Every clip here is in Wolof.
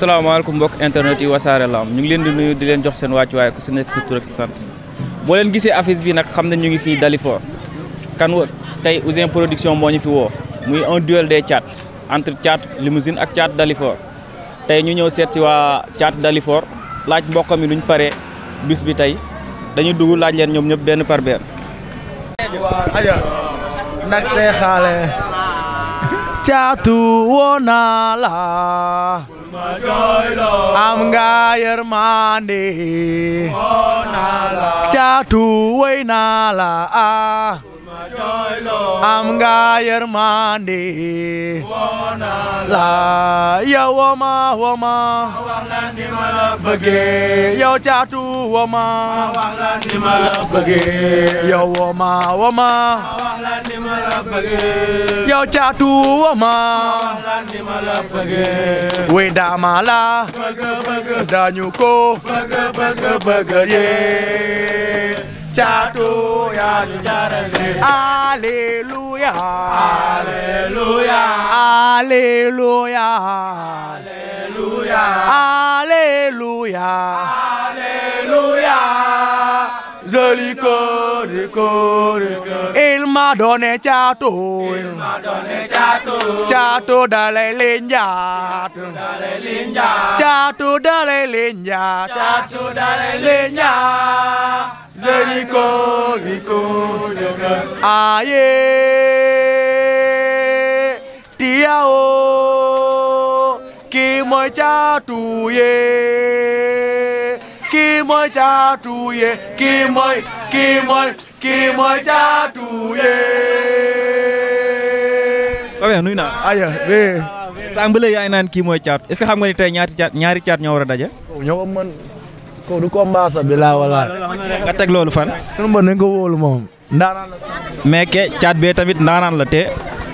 salaamaaleykum mbokk internet yi wasaare laam ñu ngi leen di nuyu di leen jox seen wàccuwaay ku si nekk sa sant boo leen gisee afis bi nag xam ne ñu ngi fi Dalifort kan wa tey Ouzin production moo ñu fi woo muy un duel des Thiat entre Thiat Limousine ak Thiat Dalifort tey ñu ñëw seet si waa Thiat Dalifort laaj mbokkam yi duñ pare bis bi tey dañuy dugg laaj leen ñoom ñëpp benn par benn. waaw aja xaale. caatu woo am nga yërmande caatu way naa la ah. am nga yërmande la ya woma woma bëgge yow caatu woma bëgge yow woma woma yow caatu woma we dama la dañu ko bëgg bëgg bëgg ye caatu yaa ñu jaarale alleluya alleluya alleluya alleluya alleluya alleluya joli corps corps il m'a donné caatu il m'a donné caatu caatu dalay linjaat dalay linjaat caatu dalay linjaat caatu dalay linjaat Seniko Giko Yoga Aye Tiao Ki mooy caatu ye Ki mooy caatu ye Ki mooy Ki mooy Ki mooy caatu ye Babe nuyu naa Aye be Sàmb la yaay kii mooy caatu est-ce que ni tey ñaari caat ñaari caat ñoo war daje ko du combat sa bi laa wala. nga teg loolu fan. sunu mbër nañ ko wóolu moom. ndaanaan la mais ke caat bee tamit ndaanaan la te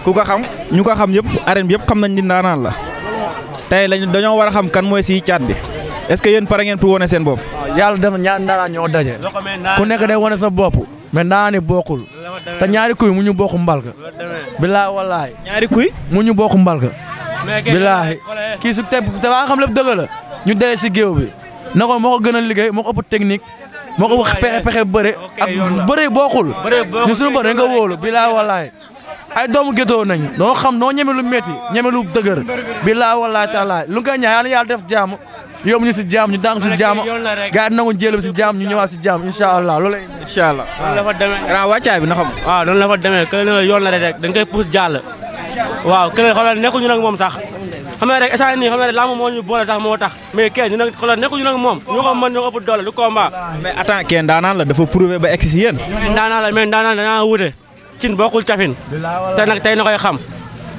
ku ko xam ñu ko xam yëpp arène bi yëpp xam nañ ni ndaanaan la tey lañ dañoo war a xam kan mooy si caat bi est-ce que yéen pare ngeen pour wane seen bopp. yàlla def ñaari ndaanaan ñoo daje. ku nekk day wane sa bopp. mais ndaanaan yi bokkul. te ñaari kuy mu ñu bokk mbalka. bilaa walaay. ñaari kii su te te xam lépp dëgg ñu dee si géew bi. na ko moo ko gën a liggéey moo ko ëpp technique pexe pexe bëre ak bëre bokkul ñu suñu bëre dañ ko wóolu bilaa walaay ay doomu gétoo nañ doo xam noo ñeme lu métti ñeme lu dëgër bilaa walaay taalaay lu nga koy ñaan yàlla def jàmm yóbbu ñu si jàmm ñu dang si jàmm gars yi nangu jël si jàmm ñu ñëwaat si jàmm incha allah loolu la. incha allah waaw la fa demee wàccaay bi na xam. waaw noonu la fa demee kële yoon la rek dañ koy pousse jàll waaw kële xoolal nekkuñu nag moom sax xam nga rek instant nii xam nga rek làmb moo ñu boole sax moo tax mais kenn ñu nag xoolal nekku ñu nag moom ñu ko mën ñu ko ëpp doole du combat mais attends kenn daanaan la dafa prouvé ba egg si la mais daanaan daanaa wute cin bokkul cafin te nag tey na koy xam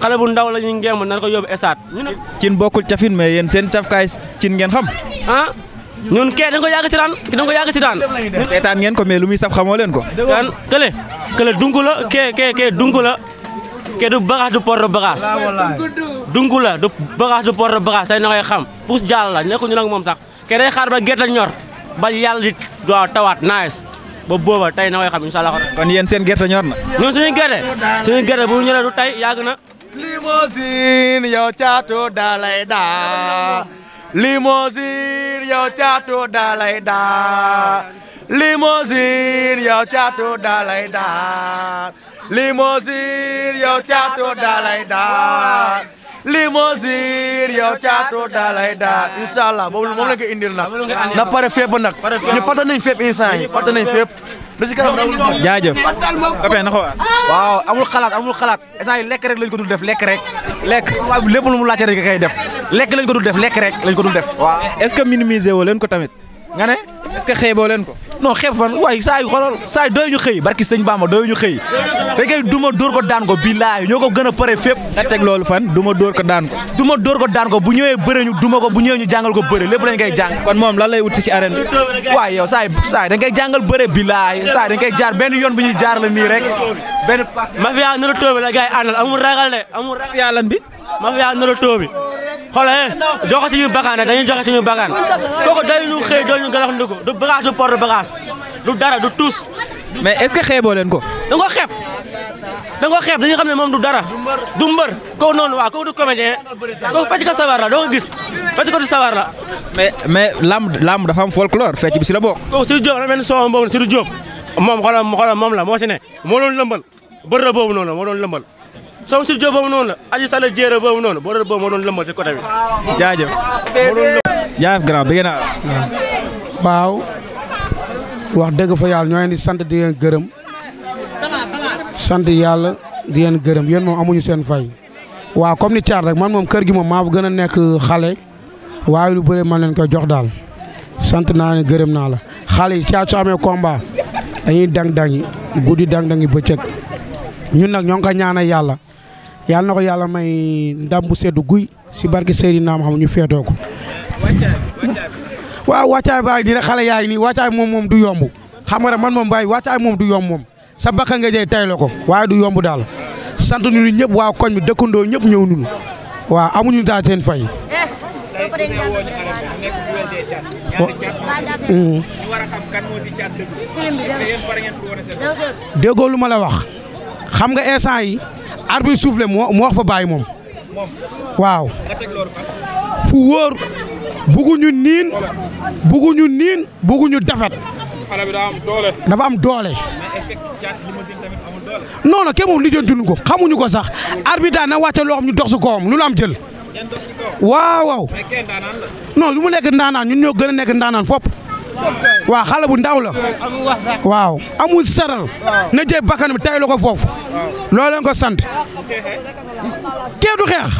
xale ndaw la ñu ngeem nan ko yóbbu esaat cin bokkul cafin mais yéen seen cafkaay cin ngeen xam ah ñun kee dañ ko yàgg si daan dañ ko yàgg si daan seetaan ngeen ko mais lu ko kan kële kële dunk ke du bagage du port la du bagage du port de bagage tey na koy xam pus jàll la nekkuñu nag moom sax ke day xaar ba gerte ñor ba yàlla di waaw tawaat nice ba booba tey na koy xam incha allah kon yéen seen gerte ñor na ñun suñu gerte suñu gerte bu ñoree du tey yàgg na limousine yow caatu dalay daa limousine yow caatu daa limousine yow caatu dalay daa limousine yow caatu dalay daal limousine yow caatu dalay daal incha allah moom la ko indil nag na pare fépp nag ñu fàttali nañ fépp instant yi fàttali nañ fépp. ba si kanam na ko waaw amul xalaat amul xalaat instant yi lekk rek lañ ko dul def lekk rek. lekk lépp lu mu laajte rek nga def lekk lañ ko dul def lekk rek lañ ko dul def. waaw est-ce que minimiser woo leen ko tamit. nga ne. est-ce que xeeboo leen ko. non xeeb fan waaye saa yu xoolal saa yu doy ñu xëy barki sëñ Bamba doy ñu xëy duma dóor ko daan ko billaay ñoo ko gën a pare fépp. nga teg loolu fan duma door ko daan ko. duma dóor ko daan ko bu ñëwee bëre ñu duma ko bu ñëwee ñu jàngal ko bëre lépp lañ koy jàng. kon moom lan lay wut si arène bi. waaye yow saa yu saa yu dañ jaar benn yoon bu ñuy jaar la nii rek benn pass. mafia nar a la gars yi àndal ragal de amul bi. xoolal joxe suñu bagaan rek dañuy joxe suñu bagaan kooku day ñu xëy doo ñu galax ndiku du bagage du port du dara du tuus. mais est-ce que xeeboo leen ko. da nga ko xeeb da nga ko xeeb dañu xam ne moom du dara du mbër kooku noonu waa kooku du comédien kooku fecc ko sabar la doo ko gis fecc ko du sabar la. mais mais lamb lamb dafa am folklore fecc bi si la bokk. kooku si Diop la mel ni soo boobu si Diop moom la moo si ne moo doon lëmbal bër la boobu noonu moo doon lëmbal. sama si boobu noonu la aji sala jéere boobu noonu boo doon boobu moo doon lëmbal si côté bi jaajëf jaajëf waaw wax dëgg fa yàlla ñoo leen di sant di leen gërëm sant yàlla di leen gërëm yéen moom amuñu seen fay waaw comme ni Thiat rek man moom kër gi moom maa gën a nekk xale waaye lu bëri man leen koy jox daal sant naa ne gërëm naa la xale yi Thiat su amee dañuy dang-dangi guddi dang-dangi bëccëg ñun nag ñoo ngi ko ñaanal yàlla yàlla na ko yàlla may ndam bu seddu guy si barke Seydina Muhammad ñu feetoo ko. waaw wàccaay baay dina xale yaay nii wàccaay moom moom du yomb xam nga man moom baay wàccaay moom du yomb moom sa bakka nga jëy tay la ko waaye du yomb daal sant nañu ñëpp waa koñ bi dëkkandoo ñëpp ñëw nañu waaw amuñu daal seen fay. Eh, mm-hmm. déggoo lu ma la wax xam nga instant arbitre soufflé moo mu wax fa bàyyi moom waaw fu wóor bugguñu niin bugguñu niin bugguñu defet dafa am doole non non kenn moom ko xamuñu ko sax arbitre na wàcce loo xam ñu dox si kawam lu la am jël waaw waaw non lu mu nekk ndaanaan ñun ñoo gën a nekk ndaanaan fopp waaw xale bu ndaw la waaw amul saral na jël bakkanam tay la ko foofu loolu lañ ko sant kee du xeex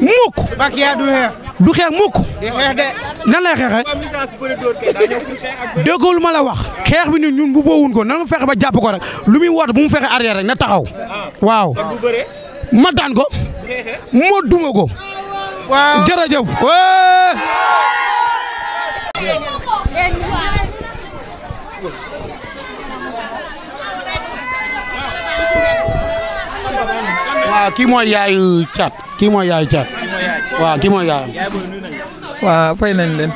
mukk du xeex mukk nan lay xeexee déggoolu ma la wax xeex bi ni ñun bu boowun ko nan fexe ba jàpp ko rek lu muy woote bu mu fexe arrière rek na taxaw ah. waaw ma daan ko ma duma ko jërëjëf waaw kii mooy yaayu caat kii mooy yaayu caat waaw kii mooy yaayam. waaw fay nañ leen.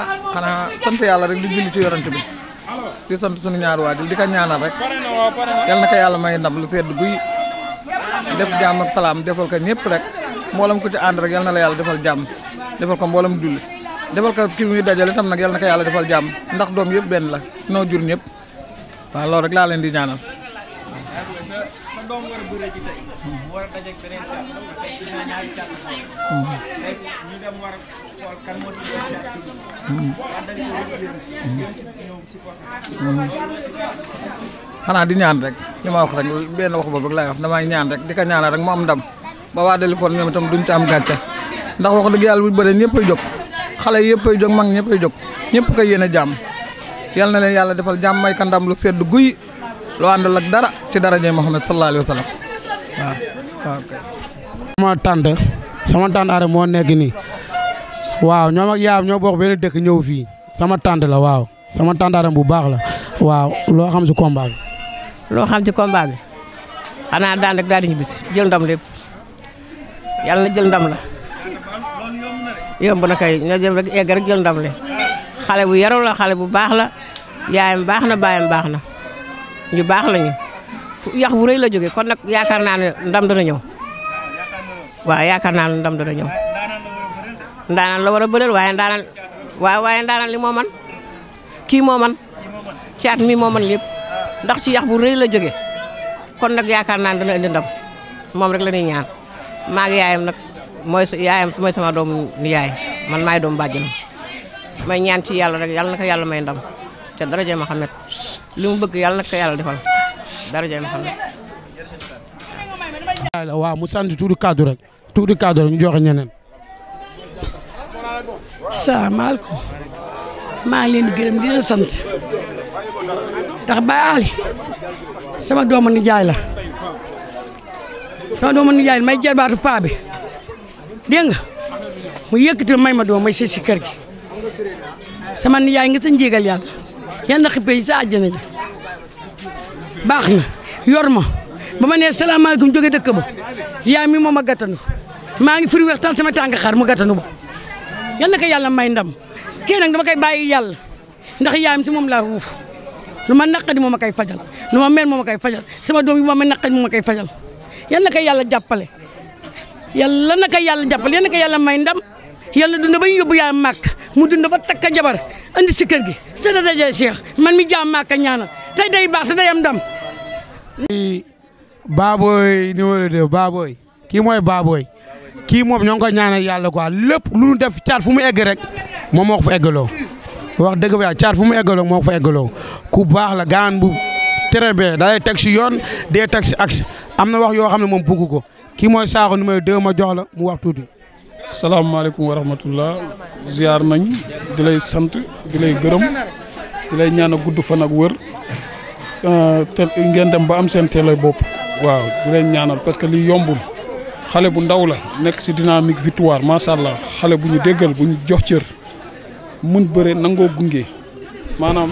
ah xanaa sant yàlla rek di julli ci yorante bi di sant sunu ñaari waajur di ko ñaanal rek yal na ko yàlla may ndam lu sedd buy def jàmm ak salaam defal ko ñëpp rek mboolem ku ci ànd rek yal na la yàlla defal jàmm defal ko mboolem julli defal ko kii muy dajale tam nag yal na ko yàlla defal jàmm ndax doom yëpp benn la noo jur ñëpp. waa loolu rek laa leen di ñaanal. xanaa di ñaan rek li ma wax rek benn wax boobu rek laay wax damay ñaan rek di ko ñaanal rek mu am ndam ba waa Dalifort ñoom itam duñ ci am gàcce ndax wax dëgg yàlla bu bëree ñëpp ay jóg xale yëpp ay jóg mag ñëpp ay jóg ñëpp koy yéene jàmm. yal na leen yàlla defal jàmm may kandam lu sedd guy loo àndal ak dara ci daraje Muhammad sallallahu alayhi wa sallam sama tante sama moo nekk nii waaw ñoom ak yaayam ñoo bokk benn dëkk ñëw fii sama tante la waaw sama tante are bu baax la waaw loo xam si combat bi loo xam ci combat bi xanaa daan rek daal di ñibbisi jël ndam lépp la yomb na kay nga jëm rek egg jël ndam lépp xale bu yaru la xale bu baax la yaayam baax na baayam baax na ñu baax lañu yax bu rëy la jógee kon nag yaakaar naa ne ndam dana ñëw waaw yaakaar naa ndam dana ñëw ndaanaan la war a bëreel waaye ndaanaan waaw waaye ndaanaan li moo man kii moo man caat mi moo man lépp ndax ci yax bu rëy la jógee kon nag yaakaar naa ne dana ndam moom rek la ñuy ñaan maa ngi yaayam nag mooy yaayam mooy sama doomu yaay man maay doomu bàjjenam may ñaan ci yàlla rek yàlla na ko yàlla may ndam te daraja Muhammad li mu bëgg yàlla na ko yàlla defal daraja Muhammad waaw mu sant tuudu kaddu rek tuudu kaddu rek ñu joxe ñeneen. salaamaaleykum maa ngi leen di gërëm di leen sant ndax Baye Ali sama doomu nijaay la sama doomu nijaay may jarbaatu paa bi dégg nga mu yëkkati may ma doom may sëy si kër gi sama nijaay nga sa njéegal yàlla yan na xippee yi sa àjjana ji na yor ma ba ma nee salaamaaleykum jóge dëkk ba yaay mi moom a gàttanu maa ngi firi waxtaan sama tànk xar mu gàttanu ba yan na ko yàlla may ndam kii nag dama koy bàyyi yàlla ndax yaayam si moom laa wuuf lu ma naqadi moom a kay fajal lu ma mel moom a koy fajal sama doom yi ma ma naqadi moom a koy fajal yan na ko yàlla jàppale yàlla na ko yàlla jàppale yan na ko yàlla may ndam yàlla dund ba ñu yóbbu mu dund ba takka jabar andi si gi sa da dajee Cheikh man mi jaam maaka ñaanal tey day baax te day am ndam. Baboy numéro 2 Baboy kii mooy Baboy kii moom ñoo ngi ko ñaanal yàlla quoi lépp lu ñu def caat fu mu egg rek moom moo ko fa eggaloo wax dëgg fa yàlla caat fu mu eggaloo moo ko fa eggaloo ku baax la gaan bu très bien da lay teg si yoon dee teg si axe am na wax yoo xam ne moom bugg ko kii mooy Sakho numéro 2 ma jox la mu wax tuuti. salaamaaleykum wa rahmatullah ziar nañ di lay sant di lay gërëm di lay ñaan a gudd fan ak wër euh, te ngeen dem ba am seen teelay bopp waaw di lay ñaanal parce que lii yombul xale bu ndaw la nekk si dynamique victoire macha allah xale bu ñu déggal bu ñu jox cër mun bëre nangoo gunge maanaam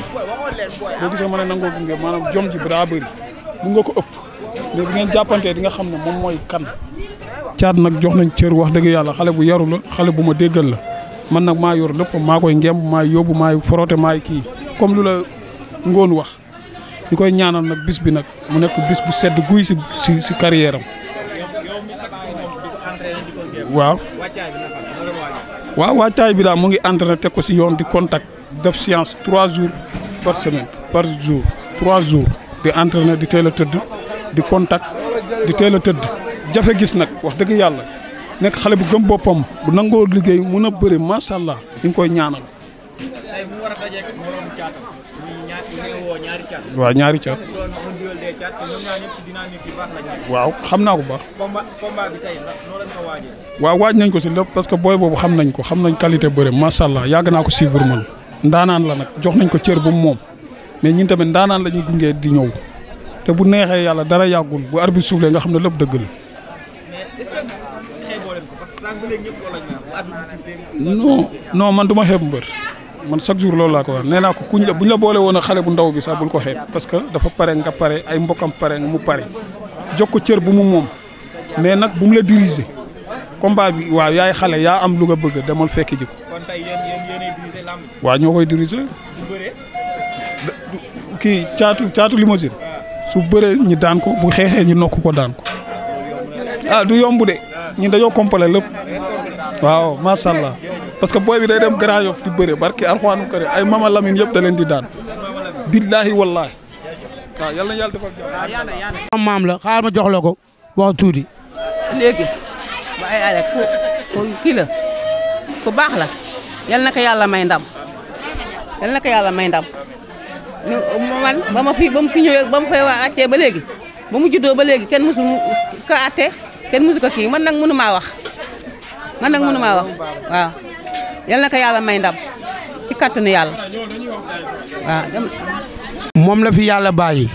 boo gisee ma ne nangoo gunge maanaam jom ji bi daa bëri mun nga ko ëpp mais bi ngeen jàppantee di nga xam ne moom mooy kan caat nag jox nañ cër wax dëgg yàlla xale bu yaru la xale bu ma déggal la man nag maa yor lépp maa koy ngemb maa yóbbu maay frotter maay kii comme lu la ngoon wax ñu koy ñaanal nag bis bi nag mu nekk bis bu sedd guy si si si carrière am waaw waaw waajtaay bi daal mu ngi entraîné teg ko si yoon di contact def séance trois jours par semaine par jour trois jours di entraîné di teel a tëdd di kontak di teel a tëdd jafe gis nag wax dëgg yàlla nekk xale bu gëm boppam bu nangoo liggéey mun a bëri macha allah ñu koy ñaanal. waaw ñaari caat. waaw xam naa ko bu baax. waaw waaj nañ ko si lépp parce que booy boobu xam nañ ko xam nañ qualité bëre macha allah yàgg naa ko suivre man. ndaanaan la nag jox nañ ko cër bu moom mais ñun tamit ndaanaan la ñuy gungee di ñëw te bu neexee yàlla dara yàggul bu bi soufflé nga xam ne lépp dëgg la. non non man du ma xeeb mbër man chaque jour loolu laa ko wax nee naa ko ku la buñ la boole woon a xale bu ndaw bi sax bul ko xeeb parce que dafa pare nga pare ay mbokkam pare mu pare jox ko cër bu mu moom mais nag bu mu la diriger combat bi waaw yaay xale yaa am lu nga bëgg demal fekki ji ko. kon tey yéen yéenay waaw ñoo koy diriger. kii caatu caatu limousine. Ah. su bëree ñi daan ko bu xeexee ñi nokk ko daan ko. ah, ah du yomb de. ñun dañoo complet lépp waaw macha parce que booy bi day dem Grand di bëre barki alxuraanu kër ay mama Lamine yëpp da leen di daan billaahi wallaahi waaw yal na yàlla defal jàmm maam la xaar ma jox la ko wax tuuti léegi ba ay ale ku kii la ku baax la yal na ko yàlla may ndam yal na ko yàlla may ndam man ba fi ba fi ñëwee ba mu koy waa àttee ba léegi ba mu juddoo ba léegi kenn mësul ka àttee kenn mësu kii man nag mënu maa wax man nag mënu maa wax waaw yal na ko yàlla may ndam ci kàttanu yàlla moom la fi yàlla bàyyi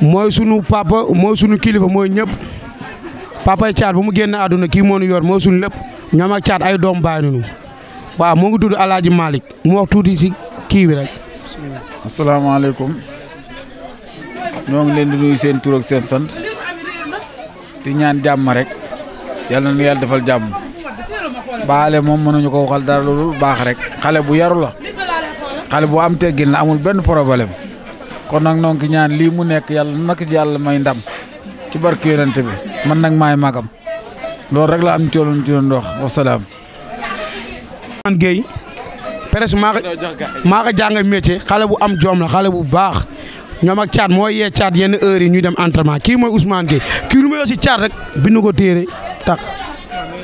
mooy sunu papa mooy sunu kilifa mooy ñëpp papay caat bu mu génn àdduna kii moo nu yor mooy sunu lépp ñoom ak caat ay doom bàyyi nañu waaw moo ngi tudd si kii bi rek. asalaamaaleykum ñoo ngi leen di nuyu seen seen sant. di ñaan jàmm rek yal na nu yàlla defal jàmm baale moom mënuñu ko waxal dara lu baax rek xale bu yaru la xale bu am teggin la amul benn problème kon nag ñoo ngi ñaan lii mu nekk yàlla nak ci yàlla may ndam ci barke bi man nag maay magam loolu rek la am ci loolu ci doon wax wasalaam. maa ko maa ko jàngal xale bu am joom la xale bu baax. ñoom ak caat mooy yee caat yenn heures yi ñuy dem entraînement kii mooy Ousmane Gueye kii lu ma yor si caat rek bind ko téere tax.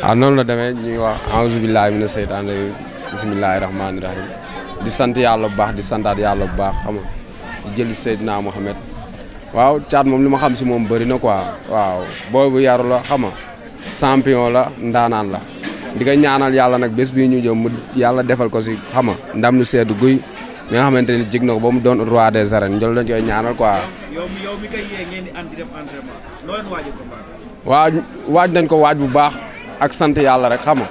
waaw ah, noonu la demee ñuy wax auzu billaahi mina seytaan rajiim bismillaahi rahmaani rahiim di sant yàlla bu baax di santaat yàlla bu baax xam nga di jëli Seydina Mohamed waaw caat moom li ma xam si moom bëri na quoi waaw booy bu yaru la xam la ndaanaan la di ko ñaanal yàlla nag bés bii ñu jëm yàlla defal ko si xam nga ndam lu sedd guy. mi nga xamante ni jig na ko ba mu doon roi des arènes ñu doon koy ñaanal quoi. yow mi waaj waaj ko waaj bu baax ak sant yàlla rek xam nga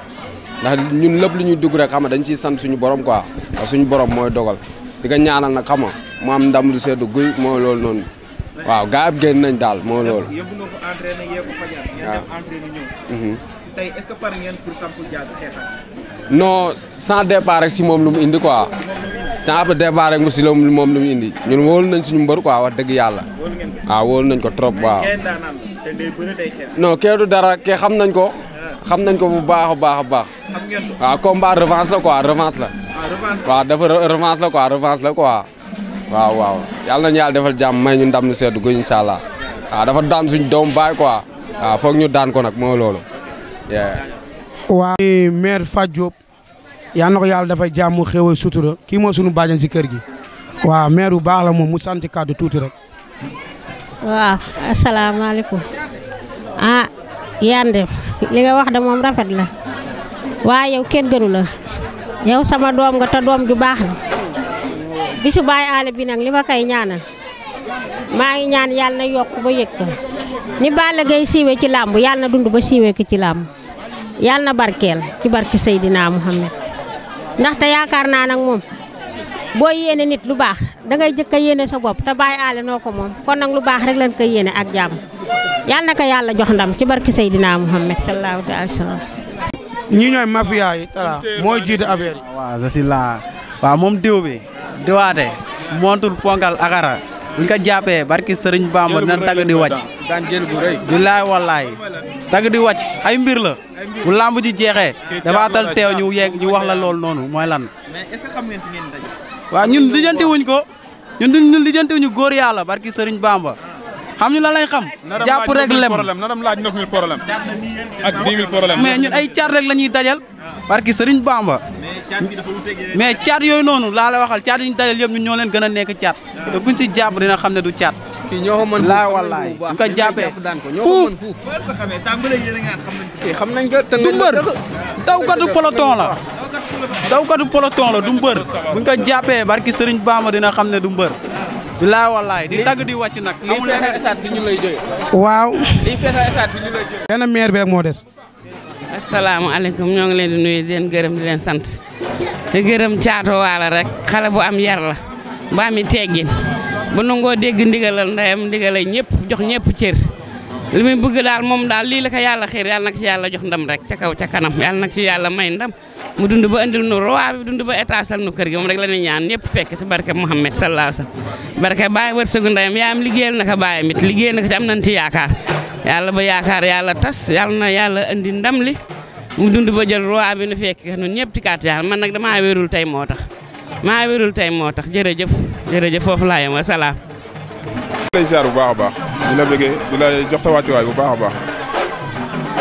ndax ñun lépp lu ñuy dugg rek xam nga dañ si sant suñu borom quoi suñu borom mooy dogal di ko ñaanal nag xam nga ndam lu seddu guy mooy waaw gaa yi nañ daal moo loolu. yóbbu nga ko mhm. pare si moom lu mu indi quoi. temps après départ rek mu si moom li mu indi ñun wóolu nañ suñu mbër quoi wax dëgg yàlla. waaw ah, wóolu nañ ko trop waaw. non kee du dara ke xam nañ ko. Ah. xam nañ ko bu baax a baax a baax. waaw ah, combat revanche la quoi revanche la. waaw dafa revanche la quoi revanche la wa waaw waaw yàlla nañu yàlla defal jàmm may ñu ndam lu sedd ko incha allah waaw dafa daan suñ doom baay ko a foog ñu daan ko nag moo loolu. waa maire Fadio. yal ko yàlla dafa jàmm xéw a sutura kii moo sunu bàjjan si kër gi waaw maire bu baax la moom mu sant kàddu tuuti rek. waaw asalaamaaleykum ah Yandé li nga wax de moom rafet la waaye yow kenn gënu la yow sama doom nga te doom ju baax la bisu Baye Alé bi nag li ma kay ñaanal maa ngi ñaan yàlla na yokk ba yëg ko ni Balla Gaye siiwee ci làmb yàlla na dund ba siiwee ko ci làmb yàlla na barkeel ci barke Seydina Muhammad ndaxte yaakaar naa nag moom boo yéene nit lu baax dangay jëkk a yéene sa bopp te bàyyi aale noo ko moom kon nag lu baax rek lañ koy yéene ak jàmm yàlla na ko yàlla jox ndam ci barki Seydina Muhammad sallallahu alayhi wa sallam. ñi ñooy mafia yi tala mooy jiite affaire yi. waaw moom diw bi diwaate montul ponkal akara buñ ko jàppee barki Sëriñ Bamba dina tagg di wàcc. di jël bu wallaay. dagg di wàcc ay mbir la. bu làmb ji jeexee. dafa tal teew ñu yegg ñu wax la loolu noonu mooy lan. mais xam ngeen waaw ñun lijjanti wuñ ko ñun ñun lijjanti wuñu góor yàlla barki Serigne Bamba. xam ñu lan lañ xam. jàpp rek lem naram laaj 9000 problème ak mais ñun ay car rek la ñuy dajal. parce que Serigne Bamba. mais caat yooyu noonu laa la waxal caat yi ñu dajal yëpp ñun ñoo gën a nekk caat. Ah. te buñ si jàpp dina xam ne du caat. kii ñoo ko mën laa wallaay ñu ko jàppee fuuf. xam nañ ko du mbër dawkatu peloton la. dawkatu peloton la du mbër. buñ ko jàppee barki Serigne Bamba dina xam ne du mbër. bilaa wallaay di tagg di wàcc nag. amul leneen lii si ñun lay jógee. waaw. lii fexe stade moo des. asalaamaaleykum ñoo ngi leen di nuyu di leen gërëm di leen sant di gërëm Thiatou waalo rek xale bu am yar la bu mi teggin bu nangoo dégg ndigalal ndeyam ndigalal ñëpp jox ñëpp cër li muy bëgg daal moom daal lii la ko yàlla xiir yàlla na ci yàlla jox ndam rek ca kaw ca kanam yàlla na ci yàlla may ndam mu dund ba indil nu roi bi dund ba étaasal nu kër gi moom rek la ñuy ñaan ñëpp fekk si barke Mouhamed sallallahu alayhi wa sallam barke Baye wërsëgu yaayam liggéeyal na ko baayam na am nañ ci yaakaar yàlla ba yaakaar yàlla tas yàlla na yàlla indi ndam li mu dund ba jël roi bi nu fekk ñun ñëpp ci kàttu yàlla man nag damaa wérul tey moo tax maa wérul tey moo tax jërëjëf jëf foofu laa yem wasalaam. lay ziar bu baax a baax di la bëggee di la jox sa waay bu baax a baax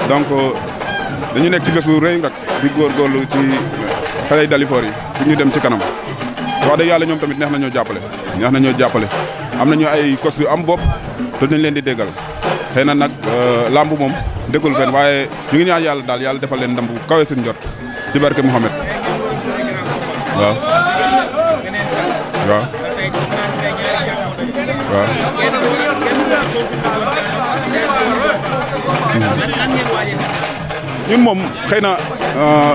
donc dañu nekk ci bés bu rëy rek di góorgóorlu ci xale yi Dalifort yi pour ñu dem ci kanam wax dëgg yàlla ñoom tamit neex nañoo ñoo jàppale neex na jàppale am nañu ay kos yu am bopp te dañ leen di déggal. xëy na nag euh, lamb moom dëggul fenn waaye ñu ngi ñaan yàlla daal yàlla defal leen ndam bu kawe seen jot ci barke Mouhamed waaw waaw waaw. moom xëy na euh,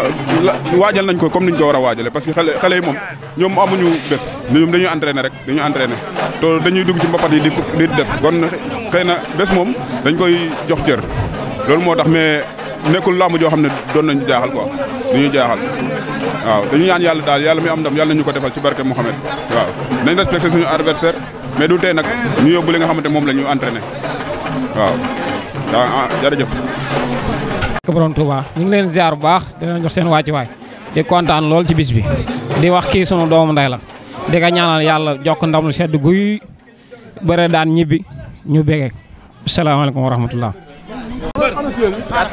waajal nañ ko comme niñ ko war a waajalee parce que xale xale yi moom ñoom amuñu bés. ñoom dañuy entraîner rek dañuy entraîner te dañuy dugg ci mbapat yi di di def kon. xëy na bés moom dañ koy jox cër loolu moo tax mais nekkul làmb joo xam ne doon nañu jaaxal ko du ñu jaaxal waaw dañu ñaan yàlla daal yàlla mi am ndam yàlla nañu ko defal ci barke Mouhamed waaw nañ respecté suñu adversaire mais du tey nag ñu yóbbu li nga xamante moom la ñu entraîné waaw ah jërëjëf. borom Touba ñu ngi leen ziar bu baax dina jox seen waay di kontaan lool ci bis bi di wax kii sunu doomu ndey la di nga ñaanal yàlla jokk ndam lu sedd guy bëre daan ñibbi. ñu bégeek salaamaaleykum wa rahmatullah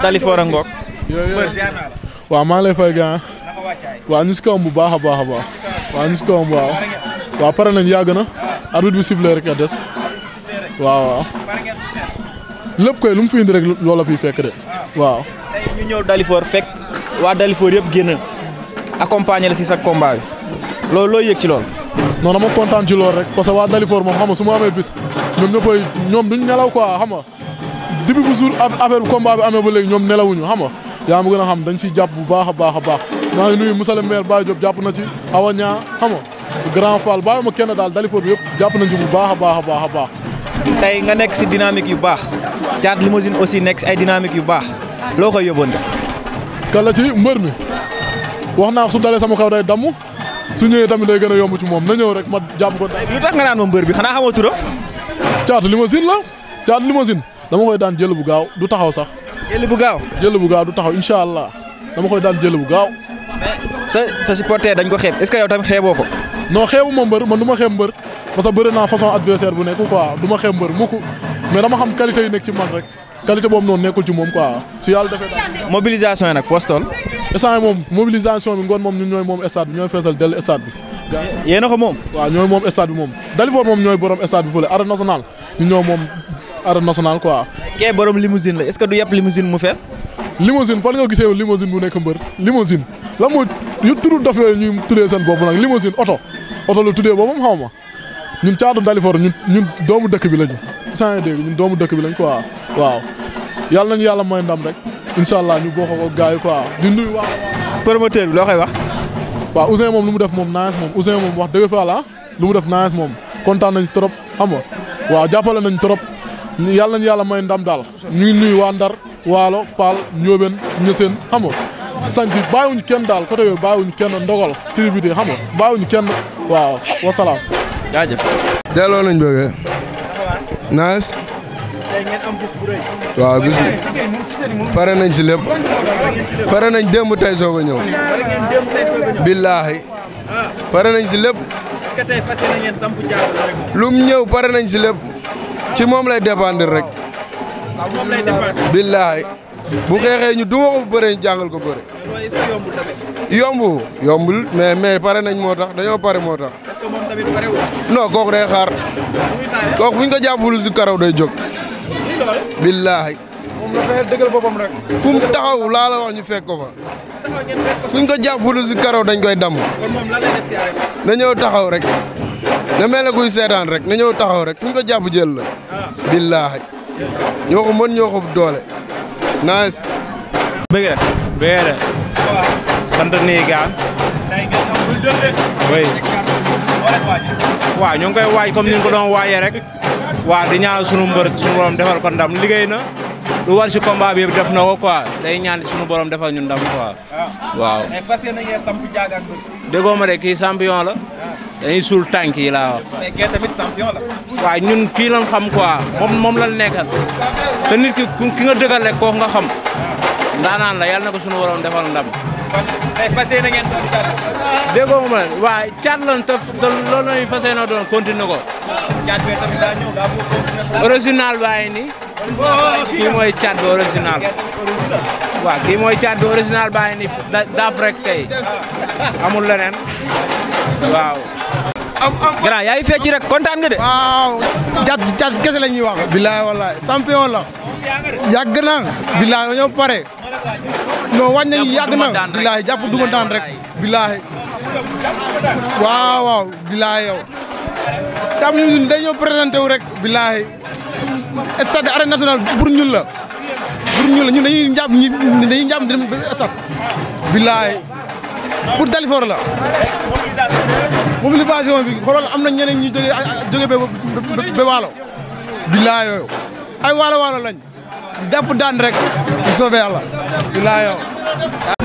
Dalifort a ngoog waaw maa ngi lay fay gaan waaw ñu si kawam bu baax a baax a baax waa ñu si kawam waaw waaw pare nañ yàgg na arbitre bi sifflé rek a des waaw waaw lépp koy lu mu fi indi rek loola fiy fekk de waaw ñu ñëw Dalifort fekk waa Dalifort yëpp génn accompagner la si sa combat loolu looy yëg ci lool non dama kontaan ci loolu rek parce que waa Dalifor moom xam nga su ma amee bis ñoom ñëppay ñoom duñ nelaw quoi xam nga depuis bu jour affaire combat bi amee ba léegi ñoom nelawuñu xam nga yaa ma gën a xam dañ siy jàpp bu baax a baax a baax maa ngi nuyu monsieur le maire Baye jàpp na ci Awa Niang xam nga Grand Fall bàyyi ma kenn daal Dalifor bi yëpp jàpp nañ ci bu baax a baax a baax a tey nga nekk si dynamique yu baax Thiat Limousine aussi nekk si ay dynamique yu baax loo koy yóbboon. kan la mbër mi wax naa su dalee sama kaw day damm su ñëwee tamit day gën a yomb ci moom na ñëw rek ma jàpp ko. lu tax nga naan ma mbër bi xanaa xamoo turam. caatu limousine la caatu limousine dama koy daan jël bu gaaw du taxaw sax. jël bu gaaw jël bu gaaw du taxaw incha allah dama koy daan jël bu gaaw. sa sa supporter dañ ko xeeb est ce que xeeboo ko. noo xeebu ma mbër man du ma xeeb mbër parce que bëri naa façon adversaire bu nekk quoi du ma xeeb mbër mukk mais dama xam qualité yi nekk ci man rek qualité boobu noonu nekkul moom quoi su yàlla defee mobilisation yi nag instant moom mobilisation bi ngoon moom ñun ñooy moom stade bi ñooy feesal dellu stade bi. yéen a ko moom. waaw ñooy moom stade bi moom Dalifort moom ñooy borom stade bi fële arène nationale ñun ñoo moom arène nationale quoi. kee borom limousine la est-ce du yëpp limousine mu fees. limousine fan nga gisee limousine bu nekk mbër limousine la mooy yu turu dof yooyu ñuy tuddee seen bopp nag limousine oto oto la tuddee boppam xaw ma ñun caatu Dalifort ñun ñun doomu dëkk bi lañu. saa dégg dëkk bi lañ quoi waaw yàlla nañu yàlla may ndam rek. incha allah ñu bokk ko gars yi quoi di nuyu waa. promoteur bi loo koy wax. waaw Ouzin moom lu mu def moom naaj moom Ouzin moom wax dëgg fa la lu mu def naaj moom kontaan nañ trop xam nga waaw jàppale nañ trop yàlla nañ yàlla may ndam daal ñu ngi nuyu waa Ndar Waalo Paal Njóobeen Ñaseen xam nga sant bàyyiwuñu kenn daal côté yooyu bàyyiwuñu kenn ndogal tribité xam nga bàyyiwuñu kenn waaw wasalaam. jaajëf. delloo nañ bëggee. waaw bis pare nañ si pare nañ démb tey soog a ñëw. billaahi ah. pare nañ si lépp. lum ñëw pare nañ si lépp ci moom lay dépendre rek. billaahi bu xeexee ñu duma ko bu ñu jàngal ko bëre. yomb yombul mais mais pare nañ moo tax dañoo pare moo tax. non kooku day xaar. kooku fu ñu ko jàppul si karaw day jóg. billaahi moom boppam rek. taxaw laa wax ñu fekko ko fa. fuñ ko jàpp fu si karaw dañ koy damm. kon na ñëw taxaw rek. na mel ne kuy seetaan rek na ñëw taxaw rek fuñ ko jàpp jël la. Ah. billaahi ñoo ko mën ñoo ko doole. nice. bëgg bëgg sant nii gaan oui ñu koy waaj comme ñu ko doon waajee rek. waaw di ñaan sunu mbër defal ko ndam liggéey na lu war si combat bi def na ko quoi day ñaan sunu borom defal ñu ndam quoi. Ah. waaw mais fas yéene ngeen samp ma de kii champion la. Ah. dañuy suul tànk yi laa wax. mais kii tamit champion la. waaw ñun kii lañ xam quoi moom moom lañ nekkal te nit ki ki nga dëggal rek kooku nga xam. Ah. ndaanaan la yàlla na ko sunu borom defal ndam. tey fas yéene ngeen doon caat. déggoo ma te loolu la ñuy fas doon continuer ko. original baa ngi nii. kii mooy waaw mooy cat bu original rek tey leneen waaw. grand yaa ngi rek kontaan nga de. waaw cat cat kese la ñuy wax. bilaay wallaay champion la. yàgg na bilaay waaw waaw bilaay yow. te am nañu day ñëw présenté wu rek. billaahi stade arène nationale pour ñun la pour ñun la ñun dañuy jàpp ñu dañuy jàpp dem stade. billaahi pour Dalifort la. mobilisation bi xoolal am na ñeneen ñu jógee jóge ba waalo. billaahi yooyu ay waalo waalo lañ jàpp daan rek bu soobee yàlla billaahi yow.